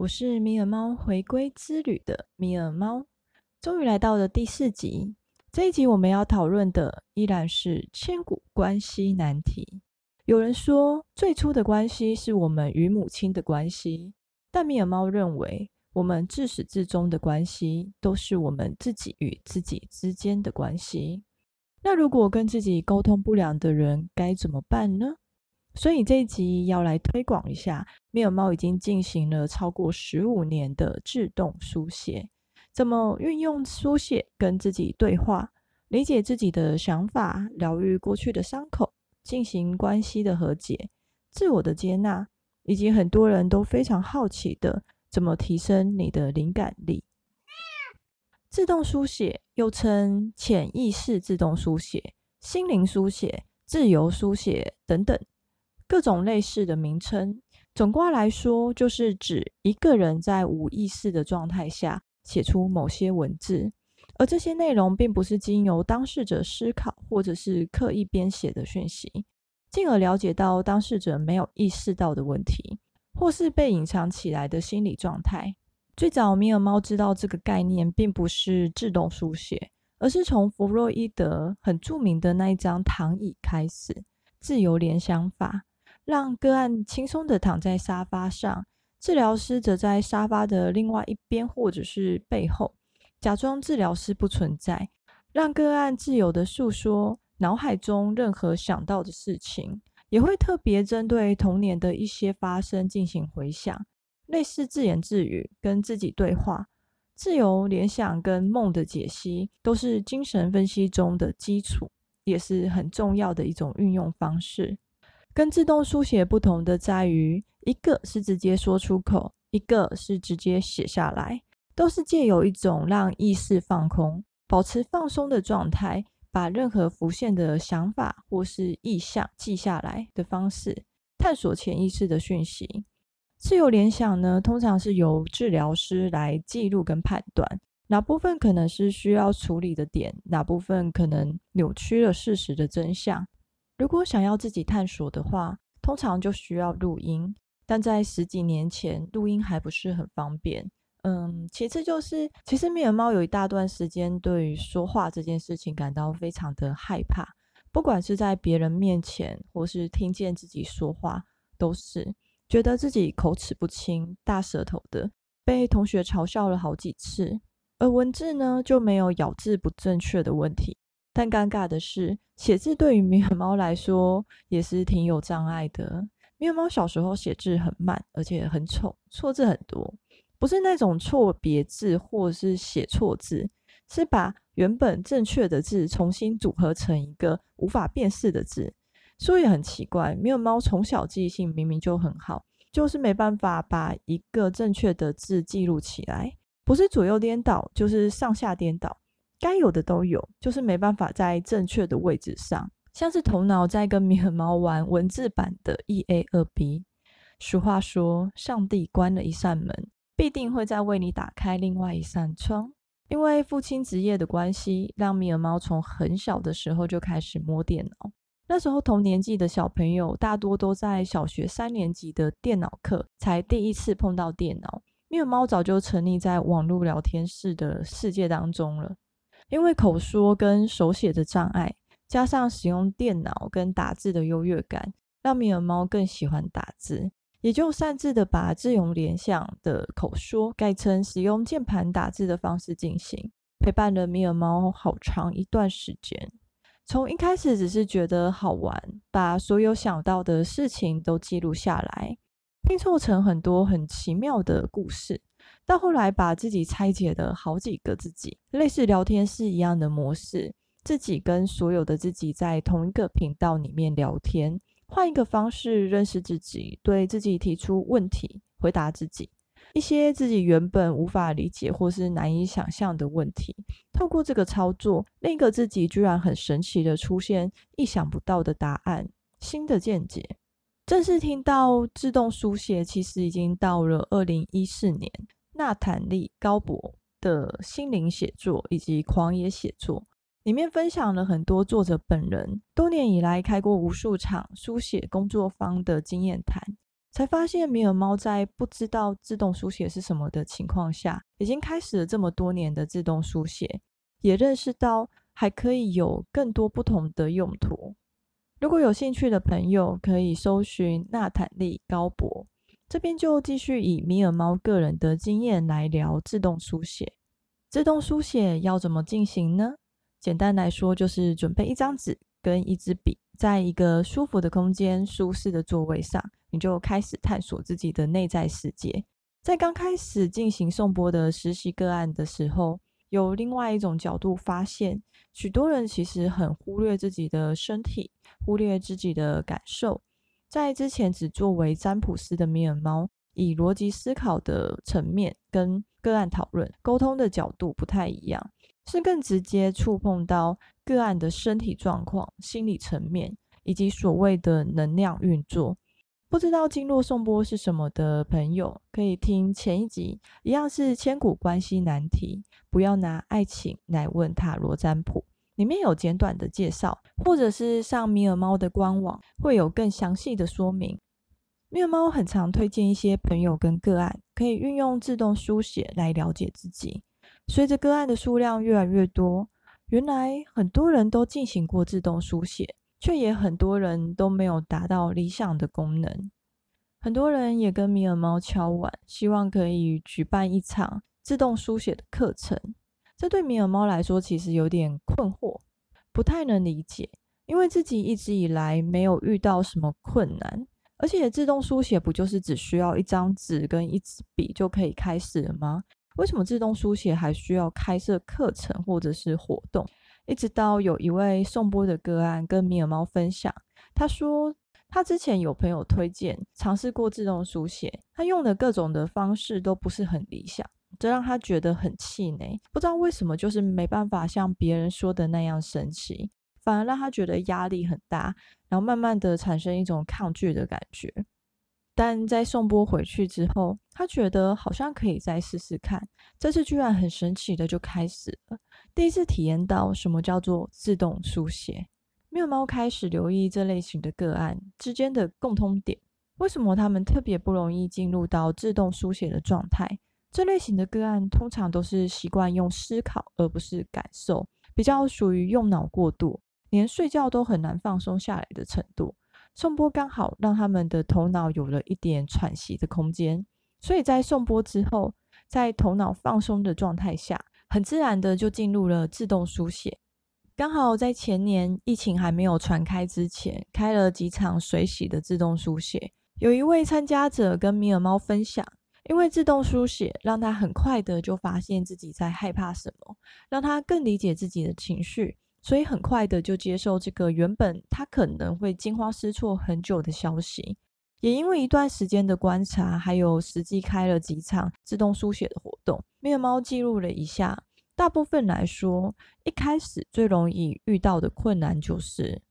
我是米爾貓回歸之旅的米爾貓，終於來到了第四集。這一集我們要討論的依然是千古關係難題。有人說，最初的關係是我們與母親的關係，但米爾貓認為，我們自始至終的關係都是我們自己與自己之間的關係。那如果跟自己溝通不良的人該怎麼辦呢？所以這一集要來推廣一下，米爾貓已經進行了超過十五年的自動書寫，怎麼運用書寫跟自己對話，理解自己的想法，療癒過去的傷口，進行關係的和解，自我的接納，以及很多人都非常好奇的，怎麼提升你的靈感力？自動書寫又稱潛意識自動書寫、心靈書寫、自由書寫等等。各種類似的名稱，總括來說，就是指一個人在無意識的狀態下寫出某些文字，而這些內容並不是經由當事者思考或者是刻意編寫的訊息，進而了解到當事者沒有意識到的問題，或是被隱藏起來的心理狀態。最早，米爾貓知道這個概念，並不是自動書寫，而是從弗洛伊德很著名的那一張躺椅開始，自由聯想法。讓個案輕鬆地躺在沙發上，治療師則在沙發的另外一邊或者是背後，假裝治療師不存在，讓個案自由地訴說腦海中任何想到的事情，也會特別針對童年的一些發生進行回想，類似自言自語跟自己對話，自由聯想跟夢的解析都是精神分析中的基礎，也是很重要的一種運用方式。跟自動書寫不同的在於，一個是直接說出口，一個是直接寫下來，都是借由一種讓意識放空、保持放鬆的狀態，把任何浮現的想法或是意象記下來的方式，探索潛意識的訊息。自由聯想呢，通常是由治療師來記錄跟判斷，哪部分可能是需要處理的點，哪部分可能扭曲了事實的真相。如果想要自己探索的話，通常就需要錄音。但在十幾年前，錄音還不是很方便。嗯，其次就是，其實米爾貓有一大段時間對於說話這件事情感到非常的害怕，不管是在別人面前或是聽見自己說話，都是覺得自己口齒不清、大舌頭的，被同學嘲笑了好幾次。而文字呢，就沒有咬字不正確的問題。但尷尬的是，寫字對於米爾貓來說也是挺有障礙的。米爾貓小時候寫字很慢，而且很醜，錯字很多。不是那種錯別字，或是寫錯字，是把原本正確的字重新組合成一個無法辨識的字。所以很奇怪，米爾貓從小記性明明就很好，就是沒辦法把一個正確的字記錄起來，不是左右顛倒，就是上下顛倒。該有的都有，就是沒辦法在正確的位置上。像是頭腦在跟米爾貓玩文字版的一 A 二 B。俗話說，上帝關了一扇門，必定會再為你打開另外一扇窗。因為父親職業的關係，讓米爾貓從很小的時候就開始摸電腦。那時候同年紀的小朋友大多都在小學三年級的電腦課才第一次碰到電腦，米爾貓早就沉溺在網絡聊天室的世界當中了。因為口說跟手寫的障礙，加上使用電腦跟打字的優越感，讓米爾貓更喜歡打字，也就擅自的把自由聯想的口說改成使用鍵盤打字的方式進行，陪伴了米爾貓好長一段時間。從一開始只是覺得好玩，把所有想到的事情都記錄下來，拼湊成很多很奇妙的故事。到後來，把自己拆解了好幾個自己，類似聊天室一樣的模式，自己跟所有的自己在同一個頻道裡面聊天，換一個方式認識自己，對自己提出問題，回答自己一些自己原本無法理解或是難以想象的問題。透過這個操作，另一個自己居然很神奇地出現，意想不到的答案，新的見解。正式聽到自動書寫，其實已經到了二零一四年。娜坦利高博的心靈寫作以及狂野寫作裡面分享了很多作者本人多年以來開過無數場書寫工作坊的經驗談，才發現米爾貓在不知道自動書寫是什麼的情況下，已經開始了這麼多年的自動書寫，也認識到還可以有更多不同的用途。如果有興趣的朋友，可以搜尋娜坦利高博。這邊就繼續以米爾貓個人的經驗來聊自動書寫。自動書寫要怎麼進行呢？簡單來說，就是準備一張紙跟一支筆，在一個舒服的空間、舒適的座位上，你就開始探索自己的內在世界。在剛開始進行頌缽的實習個案的時候，有另外一種角度發現，許多人其實很忽略自己的身體，忽略自己的感受。在之前只作為占卜師的米爾貓，以邏輯思考的層面跟個案討論溝通的角度不太一樣，是更直接觸碰到個案的身體狀況、心理層面以及所謂的能量運作。不知道經絡頌缽是什麼的朋友，可以聽前一集，一樣是千古關係難題，不要拿愛情來問塔羅占卜。裡面有簡短的介紹，或者是上米爾貓的官網會有更詳細的說明。米爾貓很常推薦一些朋友跟個案，可以運用自動書寫來了解自己。隨着個案的數量越來越多，原來很多人都進行過自動書寫，卻也很多人都沒有達到理想的功能。很多人也跟米爾貓敲碗，希望可以舉辦一場自動書寫的課程。這對米爾貓來說其實有點困惑，不太能理解，因為自己一直以來沒有遇到什麼困難，而且自動書寫不就是只需要一張紙跟一支筆就可以開始了嗎？為什麼自動書寫還需要開設課程或者是活動？一直到有一位頌缽的個案跟米爾貓分享，他說他之前有朋友推薦嘗試過自動書寫，他用的各種的方式都不是很理想。這讓他覺得很氣餒，不知道為什麼，就是沒辦法像別人說的那樣神奇，反而讓他覺得壓力很大，然後慢慢的產生一種抗拒的感覺。但在頌缽回去之後，他覺得好像可以再試試看，這次居然很神奇的就開始了，第一次體驗到什麼叫做自動書寫。米爾貓開始留意這類型的個案之間的共通點，為什麼他們特別不容易進入到自動書寫的狀態？這類型的個案通常都是習慣用思考，而不是感受，比較屬於用腦過度，連睡覺都很難放鬆下來的程度。頌缽剛好讓他們的頭腦有了一點喘息的空間，所以在頌缽之後，在頭腦放鬆的狀態下，很自然的就進入了自動書寫。剛好在前年疫情還沒有傳開之前，開了幾場隨喜的自動書寫，有一位參加者跟米爾貓分享，因為自動書寫，讓他很快的就發現自己在害怕什麼，讓他更理解自己的情緒，所以很快的就接受這個原本他可能會驚慌失措很久的消息。也因為一段時間的觀察，還有實際開了幾場自動書寫的活動，米爾貓記錄了一下，大部分來說，一開始最容易遇到的困難就是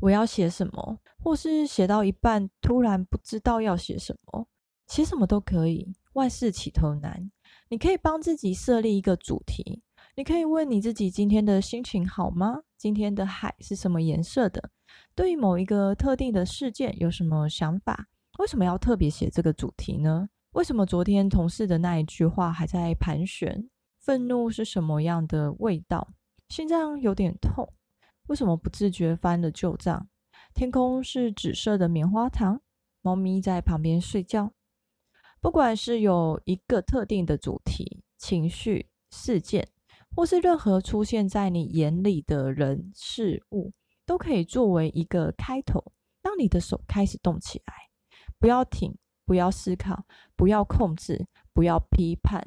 我要寫什麼，或是寫到一半突然不知道要寫什麼。寫什麼都可以，萬事起頭難。你可以幫自己設立一個主題，你可以問你自己：今天的心情好嗎？今天的海是什麼顏色的？對於某一個特定的事件有什麼想法？為什麼要特別寫這個主題呢？為什麼昨天同事的那一句話還在盤旋？憤怒是什麼樣的味道？心臟有點痛，為什麼不自覺翻了舊賬？天空是紫色的棉花糖，貓咪在旁邊睡覺。不管是有一個特定的主題、情緒、事件，或是任何出現在你眼裡的人事物，都可以作為一個開頭，讓你的手開始動起來，不要停，不要思考，不要控制，不要批判，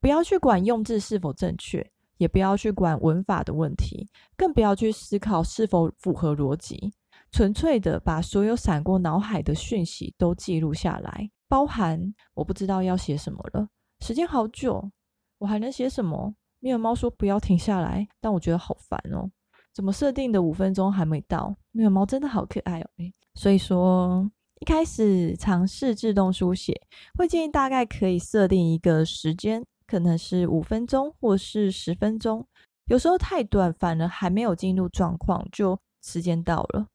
不要去管用字是否正確，也不要去管文法的問題，更不要去思考是否符合邏輯。純粹的把所有閃過腦海的訊息都記錄下來。包含我不知道要寫什麼了，時間好久，我還能寫什麼？米爾貓說不要停下來，但我覺得好煩哦。怎麼設定的五分鐘還沒到？米爾貓真的好可愛哦、欸。所以說一開始嘗試自動書寫，會建議大概可以設定一個時間，可能是五分鐘或是十分鐘。有時候太短，反而還沒有進入狀況就時間到了。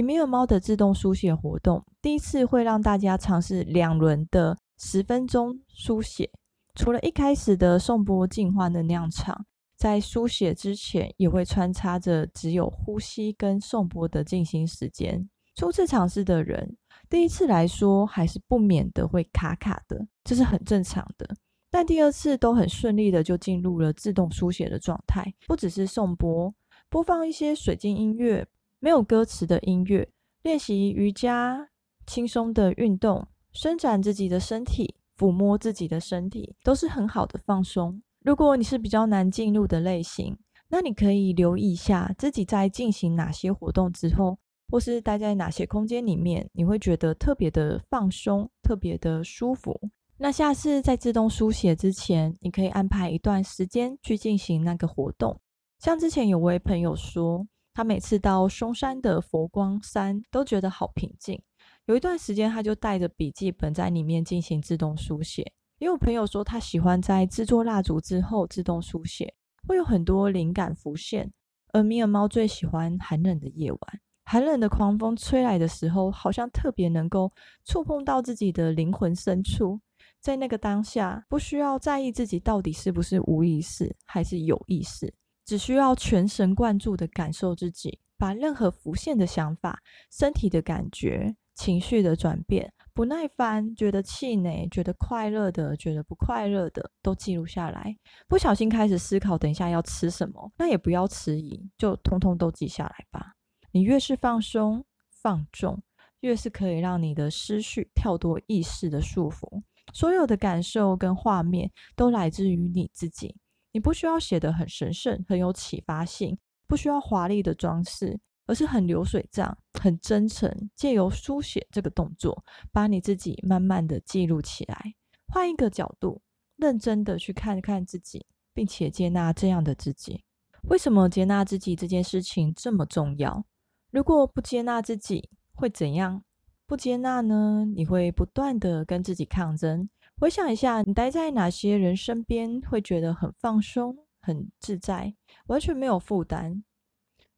米爾貓的自動書寫活動，第一次會讓大家嘗試兩輪的十分鐘書寫，除了一開始的頌缽淨化能量場，在書寫之前也會穿插着只有呼吸跟頌缽的進行時間。初次嘗試的人，第一次來說還是不免的會卡卡的，這是很正常的。但第二次都很順利的就進入了自動書寫的狀態，不只是頌缽，播放一些水晶音樂。沒有歌詞的音樂，練習瑜伽，輕鬆的運動，伸展自己的身體，撫摸自己的身體，都是很好的放鬆。如果你是比較難進入的類型，那你可以留意一下自己在進行哪些活動之後，或是待在哪些空間裡面，你會覺得特別的放鬆，特別的舒服。那下次在自動書寫之前，你可以安排一段時間去進行那個活動。像之前有位朋友說，他每次到嵩山的佛光山都覺得好平靜。有一段時間，他就帶着筆記本在裡面進行自動書寫。也有朋友說，他喜歡在製作蠟燭之後自動書寫，會有很多靈感浮現。而米爾貓最喜歡寒冷的夜晚，寒冷的狂風吹來的時候，好像特別能夠觸碰到自己的靈魂深處。在那個當下，不需要在意自己到底是不是無意識，還是有意識。只需要全神貫注的感受自己，把任何浮現的想法、身體的感覺、情緒的轉變、不耐煩、覺得氣餒、覺得快樂的、覺得不快樂的都記錄下來。不小心開始思考，等一下要吃什麼，那也不要遲疑，就通通都記下來吧。你越是放鬆放縱，越是可以讓你的思緒跳脫意識的束縛。所有的感受跟畫面都來自於你自己。你不需要寫得很神聖、很有啟發性，不需要華麗的裝飾，而是很流水賬、很真誠。借由書寫這個動作，把你自己慢慢的記錄起來，換一個角度，認真的去看看自己，並且接納這樣的自己。為什麼接納自己這件事情這麼重要？如果不接納自己，會怎樣？不接納呢？你會不斷的跟自己抗爭。回想一下，你待在哪些人身邊會覺得很放鬆、很自在，完全沒有負擔。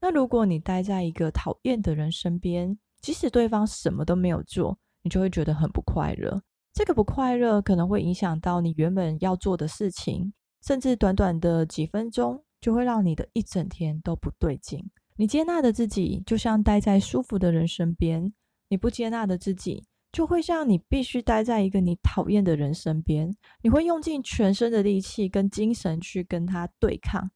那如果你待在一個討厭的人身邊，即使對方什麼都沒有做，你就會覺得很不快樂。這個不快樂可能會影響到你原本要做的事情，甚至短短的幾分鐘就會讓你的一整天都不對勁。你接納的自己，就像待在舒服的人身邊，你不接納的自己。就會像你必須待在一個你討厭的人身邊，你會用盡全身的力氣跟精神去跟他對抗。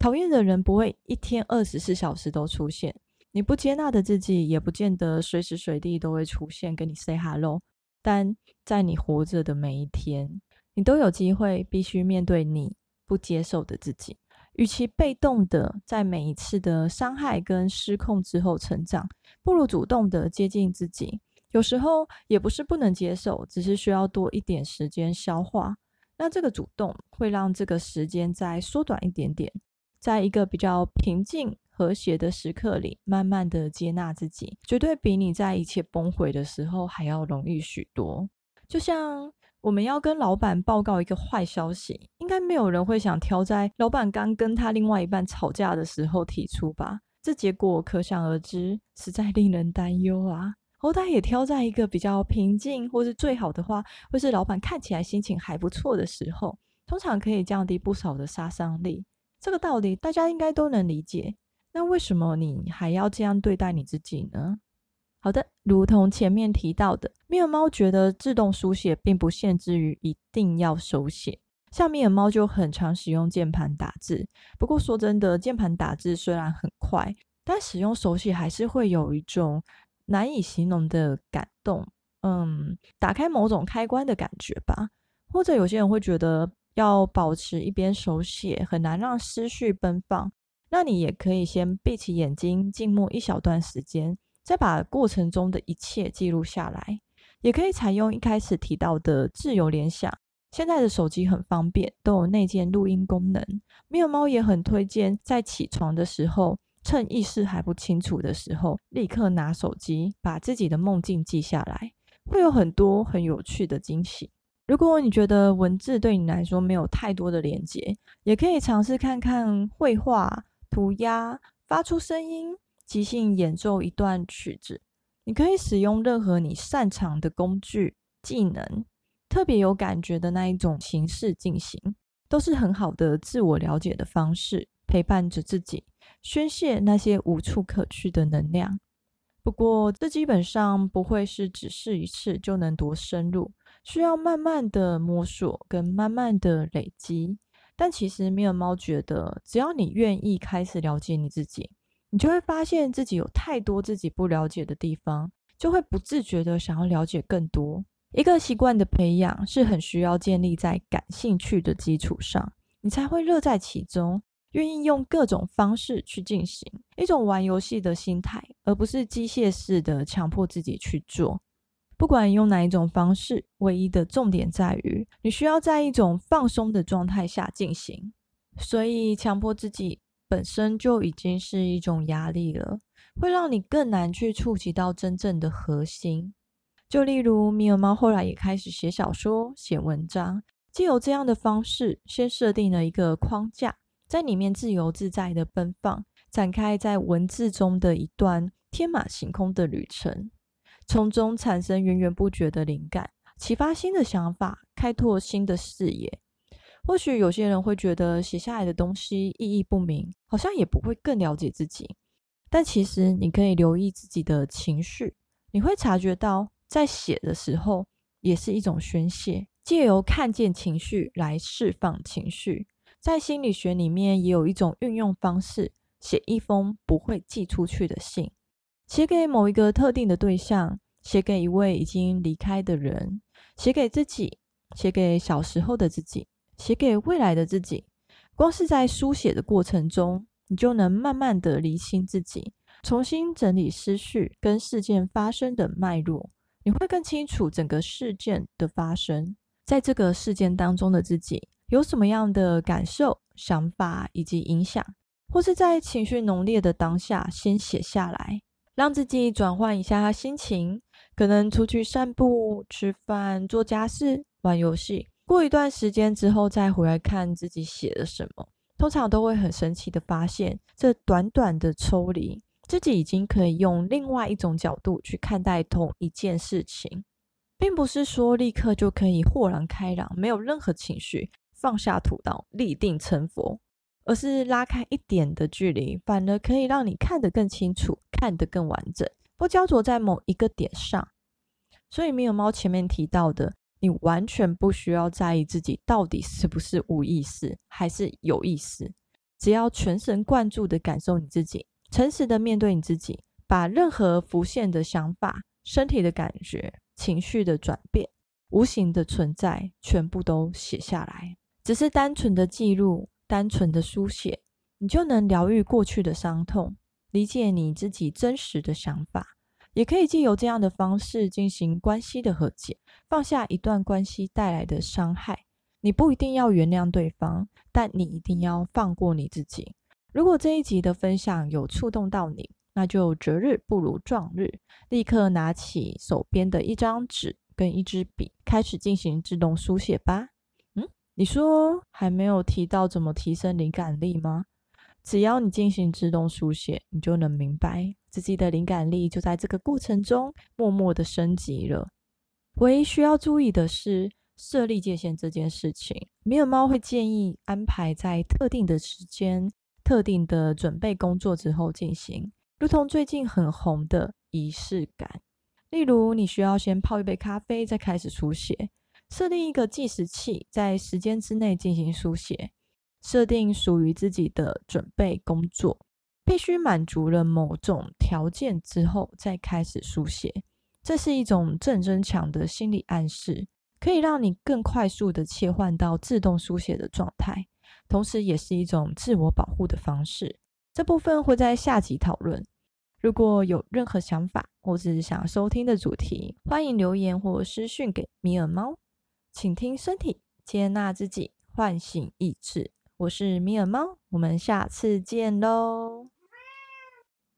討厭的人不會一天二十四小時都出現，你不接納的自己也不見得隨時隨地都會出現跟你 say hello。但在你活着的每一天，你都有機會必須面對你不接受的自己。與其被動的在每一次的傷害跟失控之後成長，不如主動的接近自己。有時候也不是不能接受，只是需要多一點時間消化。那這個主動會讓這個時間再縮短一點點，在一個比較平靜和諧的時刻裡，慢慢的接納自己，絕對比你在一切崩潰的時候還要容易許多。就像我們要跟老板報告一個壞消息，應該沒有人會想挑在老板剛跟他另外一半吵架的時候提出吧？這結果可想而知，實在令人擔憂啊！口、哦、袋也挑在一個比較平靜，或是最好的話，或是老闆看起來心情還不錯的時候，通常可以降低不少的殺傷力。這個道理大家應該都能理解。那為什麼你還要這樣對待你自己呢？好的，如同前面提到的，米爾貓覺得自動書寫並不限制於一定要手寫，像米爾貓就很常使用鍵盤打字。不過說真的，鍵盤打字雖然很快，但使用手寫還是會有一種。難以形容的感動，嗯，打開某種開關的感覺吧，或者有些人會覺得要保持一邊手寫很難讓思緒奔放，那你也可以先閉起眼睛靜默一小段時間，再把過程中的一切記錄下來，也可以採用一開始提到的自由聯想。現在的手機很方便，都有內建錄音功能，米爾貓也很推薦在起床的時候。趁意識還不清楚的時候，立刻拿手機把自己的夢境記下來，會有很多很有趣的驚喜。如果你覺得文字對你來說沒有太多的連接，也可以嘗試看看繪畫、塗鴉、發出聲音、即興演奏一段曲子。你可以使用任何你擅長的工具、技能，特別有感覺的那一種形式進行，都是很好的自我了解的方式，陪伴着自己。宣洩那些無處可去的能量。不過，這基本上不會是只試一次就能多深入，需要慢慢的摸索跟慢慢的累積。但其實，米爾貓覺得，只要你願意開始了解你自己，你就會發現自己有太多自己不了解的地方，就會不自覺的想要了解更多。一個習慣的培養是很需要建立在感興趣的基礎上，你才會樂在其中。願意用各種方式去進行，一種玩遊戲的心態，而不是機械式的強迫自己去做。不管用哪一種方式，唯一的重點在於你需要在一種放鬆的狀態下進行。所以，強迫自己本身就已經是一種壓力了，會讓你更難去觸及到真正的核心。就例如米爾貓後來也開始寫小說、寫文章，藉由這樣的方式，先設定了一個框架。在裡面自由自在地奔放，展開在文字中的一段天馬行空的旅程，從中產生源源不絕的靈感，啟發新的想法，開拓新的視野。或許有些人會覺得寫下來的東西意義不明，好像也不會更了解自己。但其實你可以留意自己的情緒，你會察覺到在寫的時候也是一種宣泄，借由看見情緒來釋放情緒。在心理學裡面，也有一種運用方式：寫一封不會寄出去的信，寫給某一個特定的對象，寫給一位已經離開的人，寫給自己，寫給小時候的自己，寫給未來的自己。光是在書寫的過程中，你就能慢慢的理清自己，重新整理思緒跟事件發生的脈絡，你會更清楚整個事件的發生，在這個事件當中的自己。有什麼樣的感受、想法以及影響，或是在情緒濃烈的當下，先寫下來，讓自己轉換一下心情。可能出去散步、吃飯、做家事、玩遊戲。過一段時間之後再回來看自己寫了什麼，通常都會很神奇的發現，這短短的抽離，自己已經可以用另外一種角度去看待同一件事情，並不是說立刻就可以豁然開朗，沒有任何情緒。放下屠刀，立定成佛，而是拉開一點的距離，反而可以讓你看得更清楚，看得更完整，不焦灼在某一個點上。所以，米爾貓前面提到的，你完全不需要在意自己到底是不是無意識還是有意識，只要全神貫注的感受你自己，誠實的面對你自己，把任何浮現的想法、身體的感覺、情緒的轉變、無形的存在，全部都寫下來。只是單純的記錄，單純的書寫，你就能療癒過去的傷痛，理解你自己真實的想法，也可以借由這樣的方式進行關係的和解，放下一段關係帶來的傷害。你不一定要原諒對方，但你一定要放過你自己。如果這一集的分享有觸動到你，那就擇日不如撞日，立刻拿起手邊的一張紙跟一支筆，開始進行自動書寫吧。你說還沒有提到怎麼提升靈感力嗎？只要你進行自動書寫，你就能明白自己的靈感力就在這個過程中默默的升級了。唯一需要注意的是設立界限這件事情，米爾貓會建議安排在特定的時間、特定的準備工作之後進行，如同最近很紅的儀式感，例如你需要先泡一杯咖啡再開始書寫。設定一個計時器，在時間之內進行書寫；設定屬於自己的準備工作，必須滿足了某種條件之後再開始書寫。這是一種正增強的心理暗示，可以讓你更快速的切換到自動書寫的狀態，同時也是一種自我保護的方式。這部分會在下集討論。如果有任何想法或是想收聽的主題，歡迎留言或私訊給米爾貓。請聽身體，接納自己，喚醒意志。我是米爾貓，我們下次見嘍。